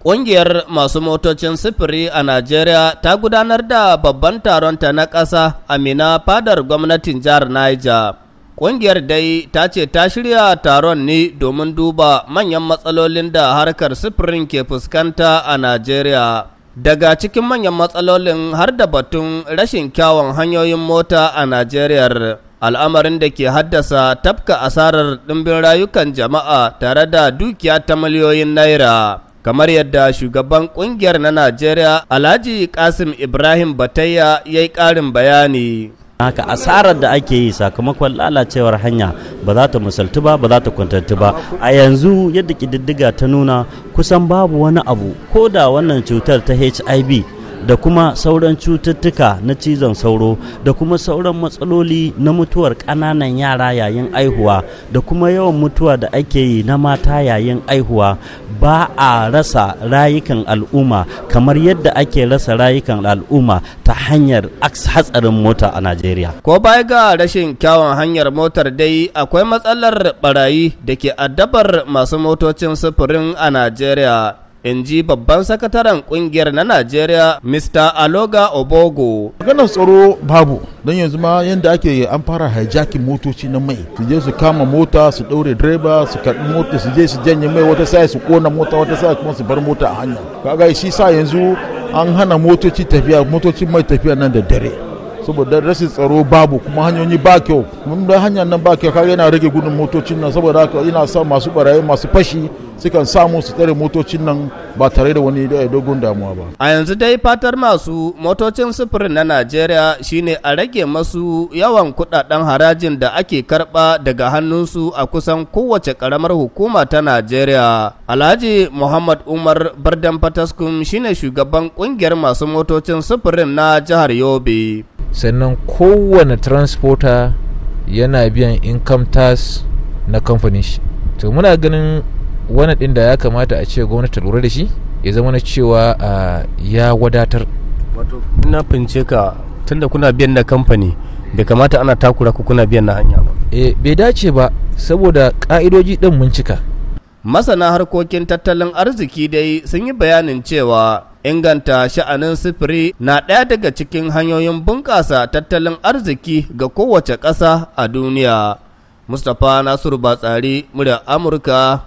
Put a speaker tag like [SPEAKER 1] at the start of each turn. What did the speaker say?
[SPEAKER 1] Ƙungiyar masu motocin sufuri a Najeriya ta gudanar da babban taronta na ƙasa a Mina fadar gwamnatin jihar Niger. Ƙungiyar dai ta ce ta shirya taron ne domin duba manyan matsalolin da harkar sufurin ke fuskanta a Najeriya. Daga cikin manyan matsalolin har da batun rashin kyawun hanyoyin mota a Najeriya. al'amarin da ke haddasa tafka asarar ɗimbin rayukan jama'a tare da dukiya ta miliyoyin naira. kamar yadda shugaban kungiyar na Najeriya Alhaji Kasim Ibrahim Batayya ya
[SPEAKER 2] yi ƙarin bayani. haka asarar da ake yi sakamakon lalacewar hanya ba za ta misaltu ba ba za ta kwantattu ba a yanzu yadda ƙididdiga ta nuna kusan babu wani abu ko da wannan cutar ta hiv da kuma sauran cututtuka na cizon sauro da kuma sauran matsaloli na mutuwar ƙananan yara yayin aihuwa da kuma yawan mutuwa da ake yi na mata yayin aihuwa ba a rasa rayukan al'umma kamar yadda ake rasa rayukan al'umma ta hanyar hatsarin mota a najeriya
[SPEAKER 1] ko baya ga rashin kyawun hanyar motar dai akwai matsalar barayi da ke addabar masu motocin sufurin a najeriya in ji babban sakataren kungiyar na Najeriya Mr. Aloga Obogo. Maganar
[SPEAKER 3] tsaro babu don yanzu ma yadda ake an fara hijacking motoci na mai su je su kama mota su ɗaure direba su karɓi mota su je su janye mai wata sai su kona mota wata sai kuma su bar mota a hanya. Kaga shi sa yanzu an hana motoci tafiya motocin mai tafiya nan da dare. saboda rashin tsaro babu kuma hanyoyi ba kyau mun da hanyar nan ba kyau kaga yana rage gudun motocin nan saboda haka yana sa masu barayi masu fashi sukan samu su tsare motocin nan ba tare da wani eh, dogon damuwa ba.
[SPEAKER 1] A yanzu dai fatar masu motocin sufuri na Najeriya shine a rage masu yawan kudaden harajin da ake karba daga hannunsu a kusan kowace karamar hukuma ta Najeriya. Alhaji Muhammad Umar Bardan Fataskun shine shugaban kungiyar masu motocin sufurin na jihar Yobe.
[SPEAKER 3] Sannan kowane transporter yana biyan income tax na kamfanin shi. To muna ganin wannan ɗin da ya kamata a ce gwamnati ta lura da shi
[SPEAKER 1] ya zama na cewa ya wadatar wato ina fince ka tunda kuna biyan na kamfani bai kamata ana takura ku kuna biyan na hanya ba eh bai dace ba saboda ka'idoji din mun cika masana harkokin tattalin arziki dai sun yi bayanin cewa inganta sha'anin sifiri na ɗaya daga cikin hanyoyin bunƙasa tattalin arziki ga kowace ƙasa a duniya mustapha nasiru batsari murya amurka